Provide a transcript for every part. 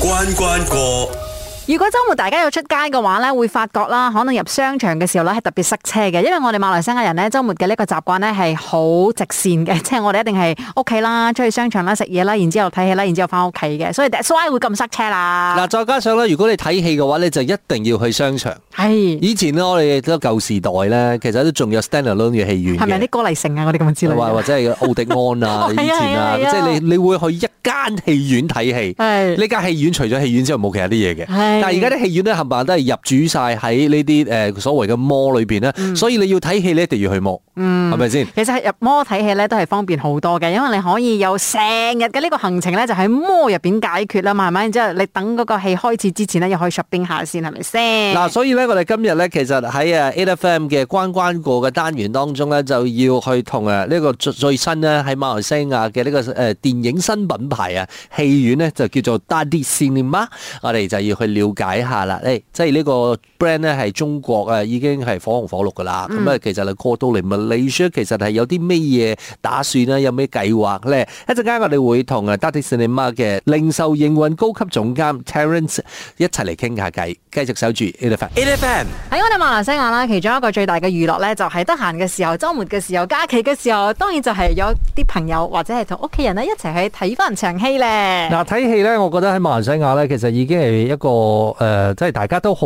關關過。關關如果周末大家要出街嘅話咧，會發覺啦，可能入商場嘅時候咧係特別塞車嘅，因為我哋馬來西亞人咧周末嘅呢個習慣咧係好直綫嘅，即係我哋一定係屋企啦，出去商場啦，食嘢啦，然之後睇戲啦，然之後翻屋企嘅，所以 that's why 會咁塞車啦。嗱，再加上咧，如果你睇戲嘅話咧，你就一定要去商場。係是。以前咧，我哋都舊時代咧，其實都仲有 standalone 嘅戲院。係咪啲歌麗城啊？我哋咁嘅之類。或者係奧迪安啊？ 啊以前啊，即係、啊啊、你你會去一間戲院睇戲。呢間戲院除咗戲院之後，冇其他啲嘢嘅。但係而家啲戲院咧，冚唪唥都係入主晒喺呢啲誒所謂嘅魔裏邊咧，嗯、所以你要睇戲，你一定要去魔，係咪先？其實入魔睇戲咧都係方便好多嘅，因為你可以有成日嘅呢個行程咧，就喺魔入邊解決啦嘛，係咪？然之後你等嗰個戲開始之前咧，又可以 shopping 下先，係咪先？嗱、呃，所以咧，我哋今日咧，其實喺啊 8FM 嘅關關過嘅單元當中咧，就要去同誒呢個最新咧喺馬來西亞嘅呢個誒電影新品牌啊戲院咧，就叫做 DADI Cinema 我哋就要去了解下啦、哎，即係呢個 brand 咧係中國啊，已經係火紅火綠噶啦。咁啊、嗯，其實過到嚟，物理其實係有啲咩嘢打算咧？有咩計劃咧？一陣間我哋會同啊 DADI Cinema 嘅零售營運高級總監 Terence 一齊嚟傾下偈。繼續守住 Elephant。喺我哋馬來西亞啦，其中一個最大嘅娛樂咧，就係得閒嘅時候、週末嘅時候、假期嘅時候，當然就係有啲朋友或者係同屋企人咧一齊去睇翻場戲咧。嗱，睇戲咧，我覺得喺馬來西亞咧，其實已經係一個誒、呃，即係大家都好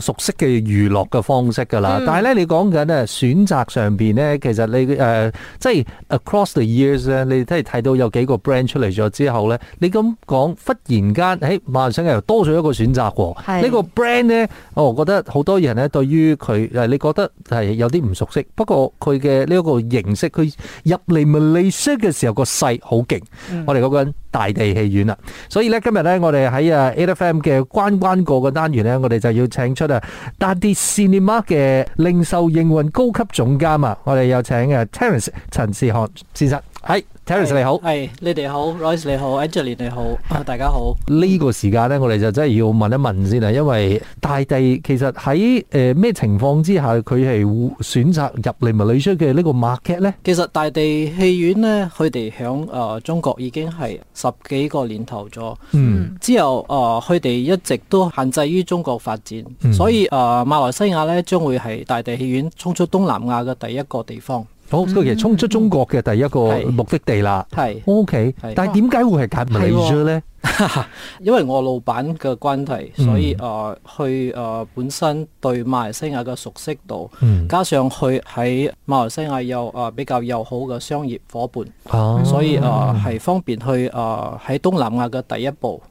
熟悉嘅娛樂嘅方式噶啦。嗯、但係咧，你講緊咧選擇上邊咧，其實你誒、呃，即係 across the years 咧，你都係睇到有幾個 brand 出嚟咗之後咧，你咁講，忽然間誒、哎，馬上又多咗一個選擇喎。呢是個 brand 咧，我覺得好多人咧對於佢誒，你覺得係有啲唔熟悉。不過佢嘅呢一個形式，佢入嚟 Malaysia 嘅時候，個勢好勁。嗯、我哋講緊。大地戲院啦，所以咧今日咧我哋喺啊 8FM 嘅關關過嘅單元咧，我哋就要請出啊 DADI Cinema 嘅零售營運高級總監啊，我哋有請啊 Terence 陳志航先生。係 Terence 你好，係你哋好，Royce 你好，Angela 你好，大家好。呢個時間咧，我哋就真係要問一問先啊，因為大地其實喺誒咩情況之下，佢係選擇入嚟馬來西亞嘅呢個 market 咧？其實大地戲院咧，佢哋響誒中國已經係十幾個年頭咗，嗯，之後誒佢哋一直都限制於中國發展，嗯、所以誒、呃、馬來西亞咧將會係大地戲院衝出東南亞嘅第一個地方。好，佢其實衝出中國嘅第一個目的地啦。係，O K。OK, 但係點解會係揀 m 因為我老闆嘅關係，嗯、所以誒去誒本身對馬來西亞嘅熟悉度，嗯、加上去喺馬來西亞有誒比較友好嘅商業夥伴，啊、所以誒係、呃、方便去誒喺、呃、東南亞嘅第一步。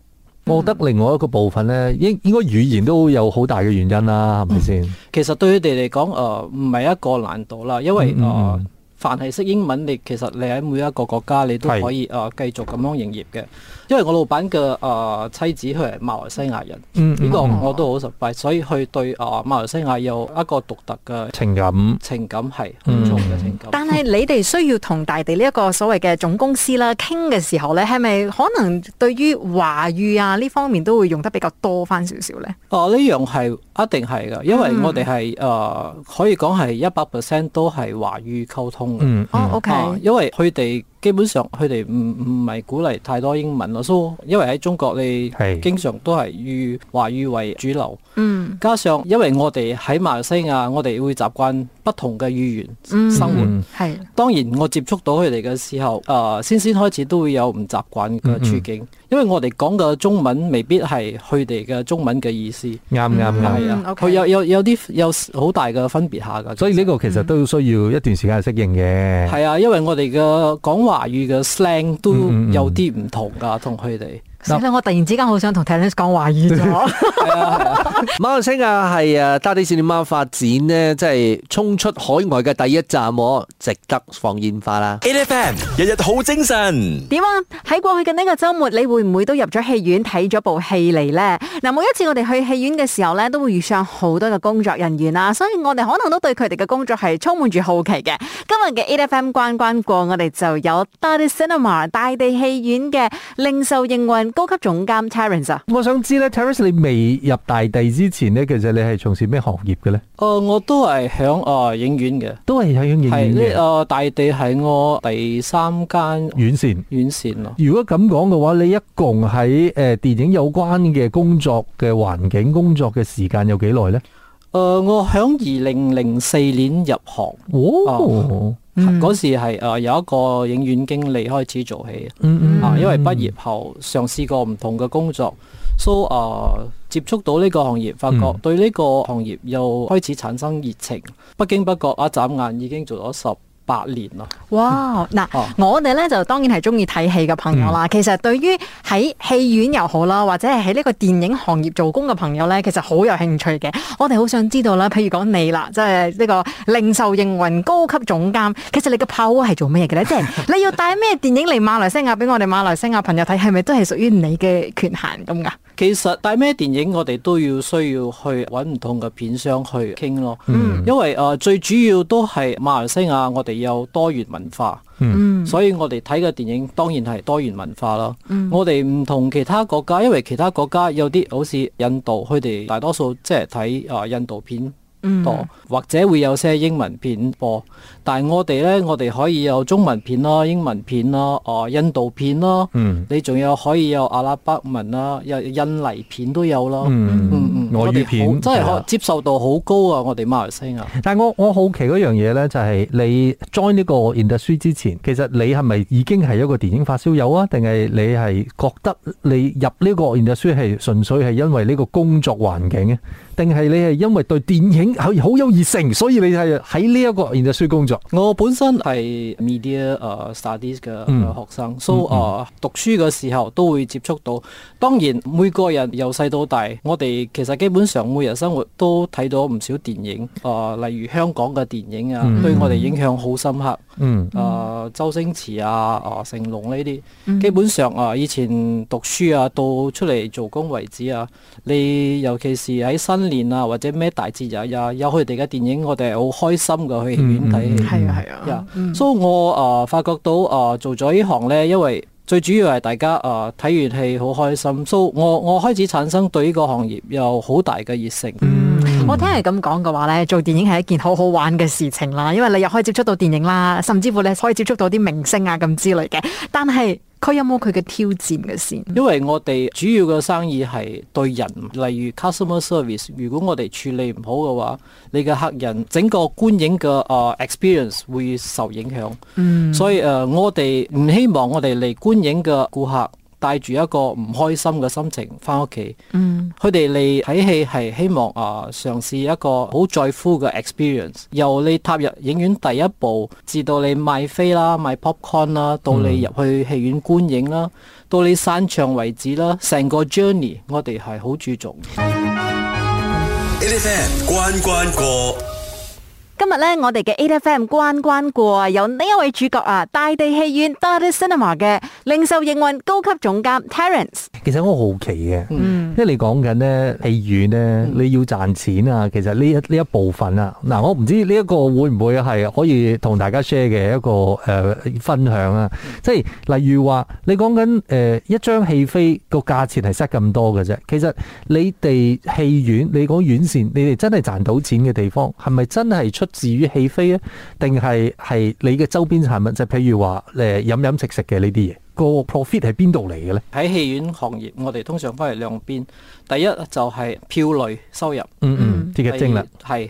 嗯、我覺得另外一個部分咧，應應該語言都有好大嘅原因啦，係咪先？其實對佢哋嚟講，誒、呃，唔係一個難度啦，因為，嗯，嗯，嗯。凡係識英文，你其實你喺每一個國家，你都可以繼是、啊、續咁樣營業嘅。因為我老闆嘅、呃、妻子佢係馬來西亞人，呢、嗯嗯、個我都好熟悉，哦、所以佢對啊、呃、馬來西亞有一個獨特嘅情感，情感係好重嘅情感。情感嗯、但係你哋需要同大地呢一個所謂嘅總公司啦傾嘅時候咧，係咪可能對於華語啊呢方面都會用得比較多翻少少咧？哦、啊，呢樣係一定係嘅，因為我哋係、嗯呃、可以講係一百 percent 都係華語溝通。嗯，哦，OK，因為佢哋。基本上佢哋唔唔係鼓勵太多英文咯，所以因為喺中國你係經常都係以華語為主流。嗯，加上因為我哋喺馬來西亞我哋會習慣不同嘅語言生活。係、嗯嗯、當然我接觸到佢哋嘅時候，誒、呃、先先開始都會有唔習慣嘅處境，嗯嗯、因為我哋講嘅中文未必係佢哋嘅中文嘅意思。啱啱啱啊，佢有有有啲有好大嘅分別下嘅。所以呢個其實都需要一段時間適應嘅。係、嗯、啊，因為我哋嘅講話。華語嘅 slang 都有啲唔同噶，同佢哋。嗱，我突然之間好想同 Terence 講話語。馬星啊，係啊，大地 cinema 發展呢即係衝出海外嘅第一站，我值得放煙花啦！8FM 日日好精神。點啊？喺過去嘅呢個周末，你會唔會都入咗戲院睇咗部戲嚟呢？嗱，每一次我哋去戲院嘅時候咧，都會遇上好多嘅工作人員啦，所以我哋可能都對佢哋嘅工作係充滿住好奇嘅。今日嘅 8FM 關關過，我哋就有大地 cinema 大地戲院嘅零售營運。高級總監 Terence 啊，我想知咧，Terence 你未入大地之前咧，其實你係從事咩行業嘅咧？誒、呃，我都係響誒影院嘅，都係響影院嘅，係咧，誒、呃、大地係我第三間院線，院線啊。如果咁講嘅話，你一共喺誒、呃、電影有關嘅工作嘅環境工作嘅時間有幾耐咧？誒、呃，我響二零零四年入行。哦哦嗰、mm hmm. 時係誒有一個影院經理開始做起，啊、mm，hmm. 因為畢業後嘗試過唔同嘅工作，所以誒接觸到呢個行業，發覺對呢個行業又開始產生熱情，不經、mm hmm. 不覺一眨眼已經做咗十。八年咯，哇、wow, 喏！嗱、哦，我哋咧就當然係中意睇戲嘅朋友啦。嗯、其實對於喺戲院又好啦，或者係喺呢個電影行業做工嘅朋友咧，其實好有興趣嘅。我哋好想知道啦，譬如講你啦，即係呢個零售營運高級總監，其實你嘅炮係做咩嘅咧？即係 你要帶咩電影嚟馬來西亞俾我哋馬來西亞朋友睇，係咪都係屬於你嘅權限噉㗎？其實帶咩電影，我哋都要需要去揾唔同嘅片商去傾咯。嗯、因為誒、呃、最主要都係馬來西亞，我哋。有多元文化，嗯，所以我哋睇嘅電影當然係多元文化啦。嗯，我哋唔同其他國家，因為其他國家有啲好似印度，佢哋大多數即係睇啊印度片。多、嗯、或者會有些英文片播，但係我哋呢，我哋可以有中文片咯、英文片咯、哦、啊、印度片咯，嗯，你仲有可以有阿拉伯文啦、有印尼片都有咯、嗯嗯，嗯嗯嗯，外語片實真係可能接受度好高啊！我哋馬來西亞。但係我我好奇嗰樣嘢呢，就係你 join 呢個 industry 之前，其實你係咪已經係一個電影發燒友啊？定係你係覺得你入呢個 industry 係純粹係因為呢個工作環境咧？定係你係因為對電影好好有熱誠，所以你係喺呢一個現實書工作。我本身係 media、uh, studies 嘅學生，so 誒讀書嘅時候都會接觸到。當然每個人由細到大，我哋其實基本上每日生活都睇到唔少電影，誒、呃、例如香港嘅電影啊，嗯、對我哋影響好深刻。嗯，誒、呃嗯、周星馳啊，成龍呢啲，基本上啊，以前讀書啊，到出嚟做工為止啊，你尤其是喺新年啊，或者咩大節日有有佢哋嘅電影，我哋係好開心噶去戲院睇。係啊係啊，所以 Yeah,、嗯 so, 我啊、呃、發覺到啊、呃、做咗呢行呢，因為最主要係大家啊睇、呃、完戲好開心，所、so, 以我我開始產生對呢個行業有好大嘅熱誠。嗯嗯、我聽係咁講嘅話呢，做電影係一件好好玩嘅事情啦，因為你又可以接觸到電影啦，甚至乎你可以接觸到啲明星啊咁之類嘅，但係。佢有冇佢嘅挑戰嘅先？因為我哋主要嘅生意係對人，例如 customer service。如果我哋處理唔好嘅話，你嘅客人整個觀影嘅誒 experience 會受影響。嗯，所以誒，我哋唔希望我哋嚟觀影嘅顧客，帶住一個唔開心嘅心情翻屋企，佢哋嚟睇戲係希望啊嘗試一個好在乎嘅 experience。由你踏入影院第一步，至到你賣飛啦、賣 popcorn 啦，到你入去戲院觀影啦，嗯、到你散場為止啦，成個 journey 我哋係好注重嘅。8FM 關關過。今日咧，我哋嘅 8FM 關關過啊，有呢一位主角啊，大地戲院 DADI Cinema 嘅零售營運高級總監 Terence。其實我好奇嘅，即係你講緊咧戲院咧，你要賺錢啊。其實呢一呢一部分啊，嗱，我唔知呢一個會唔會係可以同大家 share 嘅一個誒分享啊。即係例如話，你講緊誒一張戲飛個價錢係塞咁多嘅啫。其實你哋戲院，你講院線，你哋真係賺到錢嘅地方，係咪真係出？至於戲飛咧，定係係你嘅周邊產品，就譬如話誒飲飲食食嘅呢啲嘢，個 profit 係邊度嚟嘅咧？喺戲院行業，我哋通常分為兩邊，第一就係票類收入，嗯嗯，啲嘅精啦，係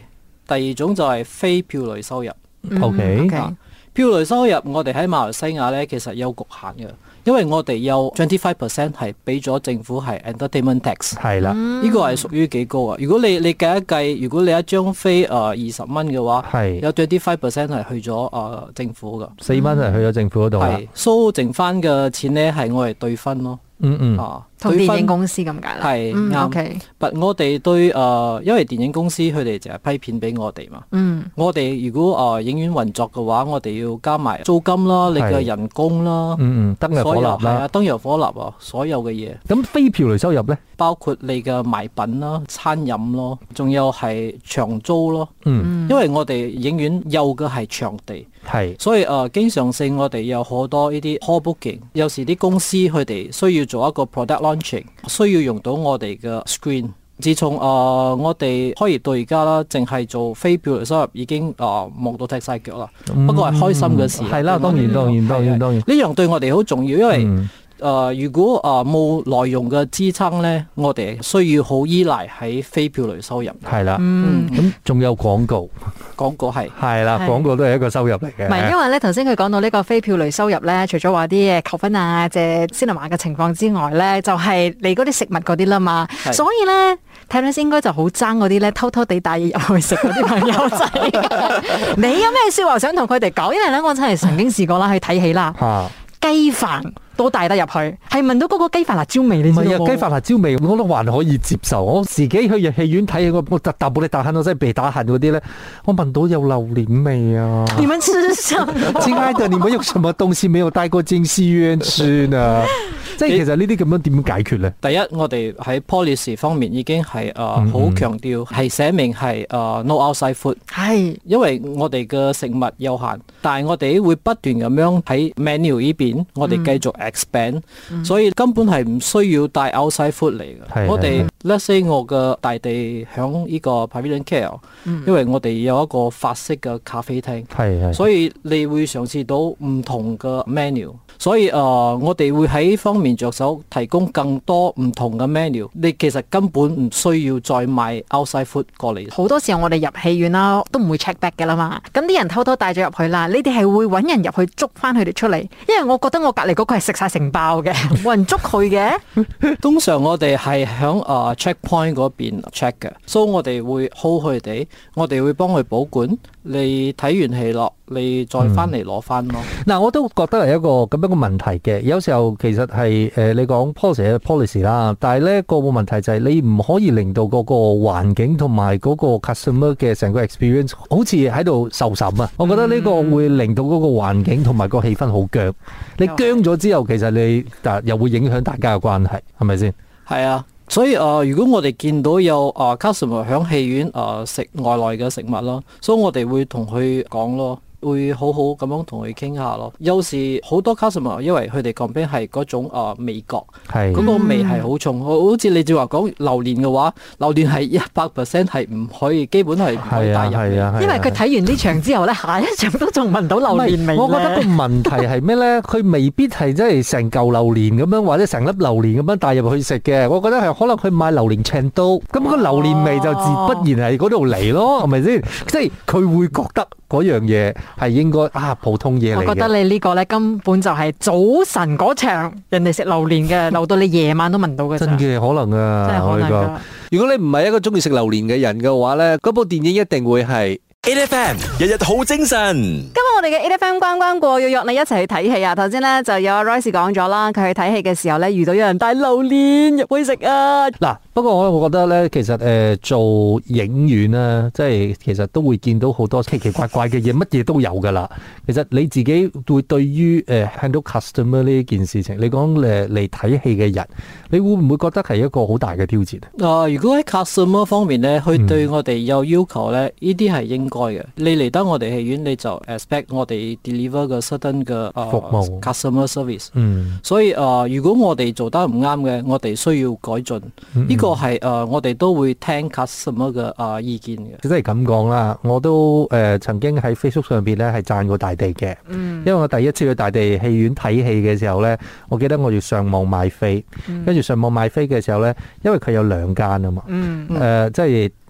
第二種了就係非票類收入。嗯、o、okay、K，票類收入我哋喺馬來西亞咧，其實有局限嘅。因為我哋有 twenty five percent 係俾咗政府係 entertainment tax，係啦，呢個係屬於幾高啊！如果你你計一計，如果你一張飛啊二十蚊嘅話，是有 twenty five percent 係去咗、呃、政府噶，四蚊係去咗政府嗰度啊，所以剩翻嘅錢咧係我哋對分咯。嗯嗯，哦，同電影公司咁解啦，係，O K，but，我哋對誒，因為電影公司佢哋淨係批片俾我哋嘛，嗯，我哋如果誒影院運作嘅話，我哋要加埋租金啦，你嘅人工啦，嗯嗯，燈油火蠟啦，燈油火蠟啊，所有嘅嘢，咁非票嚟，收入咧，包括你嘅賣品啦、餐飲咯，仲有係長租咯，嗯，因為我哋影院有嘅係場地。係，是所以誒、呃，經常性我哋有好多呢啲 call booking，有時啲公司佢哋需要做一個 product launching，需要用到我哋嘅 screen。自從誒、呃、我哋開業到而家啦，淨係做非票收入已經誒、呃、忙到踢晒腳啦。嗯、不過係開心嘅事。係啦、嗯，然當然，當然，的當然，當然。呢樣對我哋好重要，因為、嗯。誒、呃，如果誒冇、呃、內容嘅支撐咧，我哋需要好依賴喺非票類收入。係啦的，嗯，咁仲、嗯、有廣告，廣告係係啦，廣告都係一個收入嚟嘅。唔係，因為咧頭先佢講到呢個非票類收入咧，除咗話啲誒求婚啊、借 cinema 嘅情況之外咧，就係、是、你嗰啲食物嗰啲啦嘛。是的 所以咧睇到先應該就好爭嗰啲咧，偷偷地帶入去食嗰啲朋友仔。 你有咩説話想同佢哋講？因為咧，我真係曾經試過啦，去睇戲啦。啊！雞飯都帶得入去，係聞到嗰個雞飯辣椒味，你知唔知啊？雞飯辣椒味，我諗還可以接受。我自己去日戲院睇，我我特打玻打喊，我真係被打痕嗰啲咧，我聞到有榴蓮味啊！你們吃什麼？親愛的，你們有什麼東西沒有帶過京戲院去呢、啊？ 即係其實呢啲咁樣點樣解決咧？第一，我哋喺 policy 方面已經係誒好強調，係、呃、寫、mm hmm. 明係誒、呃、no outside food、mm。係、hmm. 因為我哋嘅食物有限，但係我哋會不斷咁樣喺 menu 依邊，我哋繼續 expand，、mm hmm. 所以根本係唔需要帶 outside food 嚟嘅。我哋 let’s say 我嘅大地響呢個 pavilion care，、mm hmm. 因為我哋有一個法式嘅咖啡廳係、mm hmm. 所以你會嘗試到唔同嘅 menu。所以誒、呃、我哋會喺方面。着手提供更多唔同嘅 menu，你其實根本唔需要再買 outside food 過嚟。好多時候我哋入戲院啦，都唔會 check back 嘅啦嘛。咁啲人偷偷帶咗入去啦，你哋係會搵人入去捉翻佢哋出嚟？因為我覺得我隔籬嗰個係食晒成包嘅，冇人捉佢嘅。通常我哋係響啊 check point 嗰邊 check 嘅，所以我哋會 hold 佢哋，我哋會幫佢保管。你睇完戲咯，你再翻嚟攞翻咯。嗱、嗯啊，我都覺得係一個咁樣個問題嘅。有時候其實係誒、呃，你講 policy 係 policy 啦，但係呢個問題就係你唔可以令到嗰個環境同埋嗰個 customer 嘅成個 experience 好似喺度受審啊！嗯、我覺得呢個會令到嗰個環境同埋個氣氛好僵。你僵咗之後，其實你又會影響大家嘅關係，係咪先？係啊。所以啊，如果我哋見到有啊 customer 喺戲院啊食外來嘅食物咯，所以我哋會同佢講咯。會好好咁樣同佢傾下咯。有時好多 customer 因為佢哋旁邊係嗰種啊，味覺，係嗰個味係好重。我好似你就話講榴蓮嘅話，榴蓮係一百 percent 係唔可以，基本係唔可以帶入嚟。係啊係啊係，因為佢睇完呢場之後咧，下一場都仲聞到榴蓮味。我覺得個問題係咩咧？佢未必係即係成嚿榴蓮咁樣，或者成粒榴蓮咁樣帶入去食嘅。我覺得係可能佢買榴蓮醬都，咁個榴蓮味就自不然喺嗰度嚟咯，係咪先？即係佢會覺得。嗰樣嘢係應該啊普通嘢嚟嘅，我覺得你呢個呢根本就係早晨嗰場人哋食榴蓮嘅留到你夜晚都聞到嘅 真嘅，可能啊！真係可能噶，吧如果你唔係一個中意食榴蓮嘅人嘅話，呢嗰部電影一定會係。8FM 日日好精神。今日我哋嘅 8FM 關關過，要約你一齊去睇戲啊！頭先咧就有阿 Rice 講咗啦，佢去睇戲嘅時候咧遇到有人帶榴蓮入去食啊！嗱、啊，不過我我覺得咧，其實誒、呃、做影院啊，即係其實都會見到好多奇奇怪怪嘅嘢，乜嘢 都有噶啦。其實你自己會對於誒、呃、handle customer 呢件事情，你講誒嚟睇戲嘅人，你會唔會覺得係一個好大嘅挑戰啊？如果喺 customer 方面咧，佢對我哋有要求咧，呢啲係應該嘅，你嚟得我哋戲院，你就 expect 我哋 deliver 個 certain 嘅服務、uh, customer service。嗯，所以啊，uh, 如果我哋做得唔啱嘅，我哋需要改進。呢個係啊，uh, 我哋都會聽 customer 嘅啊、uh, 意見嘅。即係咁講啦，我都誒、呃、曾經喺 Facebook 上面咧係讚過大地嘅。嗯、因為我第一次去大地戲院睇戲嘅時候咧，我記得我要上網買飛，跟住、嗯、上網買飛嘅時候咧，因為佢有兩間啊嘛。誒、嗯嗯呃，即係。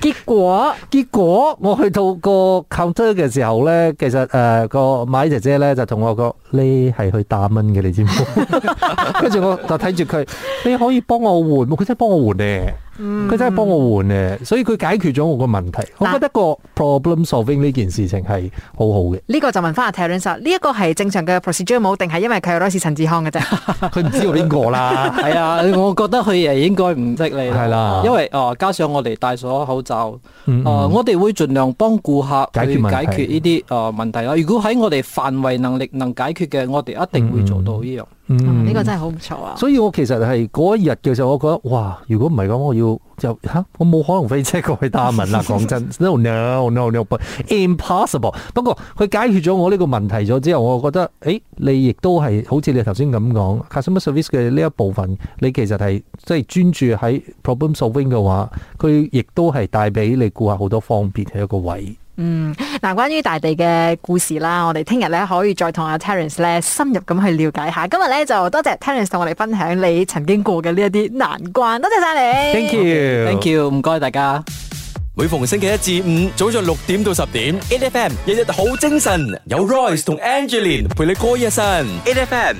結果，結果我去到個 counter 嘅時候咧，其實誒個買姐姐咧就同我講，你係去打蚊嘅，你知唔知？跟住 我就睇住佢，你可以幫我換，佢真係幫我換嘅。佢、嗯、真係幫我換嘅，所以佢解決咗我個問題。啊、我覺得個 problem solving 呢件事情係好好嘅。呢個就問翻阿 Terence 呢一個係正常嘅 procedure 冇，定係因為佢有嗰次陳志康嘅啫？佢唔 知道邊個啦，係 啊，我覺得佢誒應該唔識你係啦，的因為、呃、加上我哋戴咗口罩，嗯嗯呃、我哋會盡量幫顧客去解決呢啲誒問題啦、呃呃。如果喺我哋範圍能力能解決嘅，我哋一定會做到呢樣。嗯嗯，呢、啊這個真係好唔錯啊！所以我其實係嗰一日嘅時候，我覺得哇，如果唔係咁，我要就吓、啊，我冇可能飛車過去達文啦。講真 ，no no no no，impossible。不過佢解決咗我呢個問題咗之後，我覺得誒，你亦都係好似你頭先咁講，customer service 嘅呢一部分，你其實係即係專注喺 problem solving 嘅話，佢亦都係帶俾你顧客好多方便嘅一個位。嗯，嗱，關於大地嘅故事啦，我哋聽日咧可以再同阿 Terence 咧深入咁去了解下。今日咧就多謝 Terence 同我哋分享你曾經過嘅呢一啲難關，多謝晒你。Thank you，Thank you，唔該大家。每逢星期一至五早上六點到十點，8FM 日日好精神，有 Royce 同 Angelina 陪你過夜神，8FM。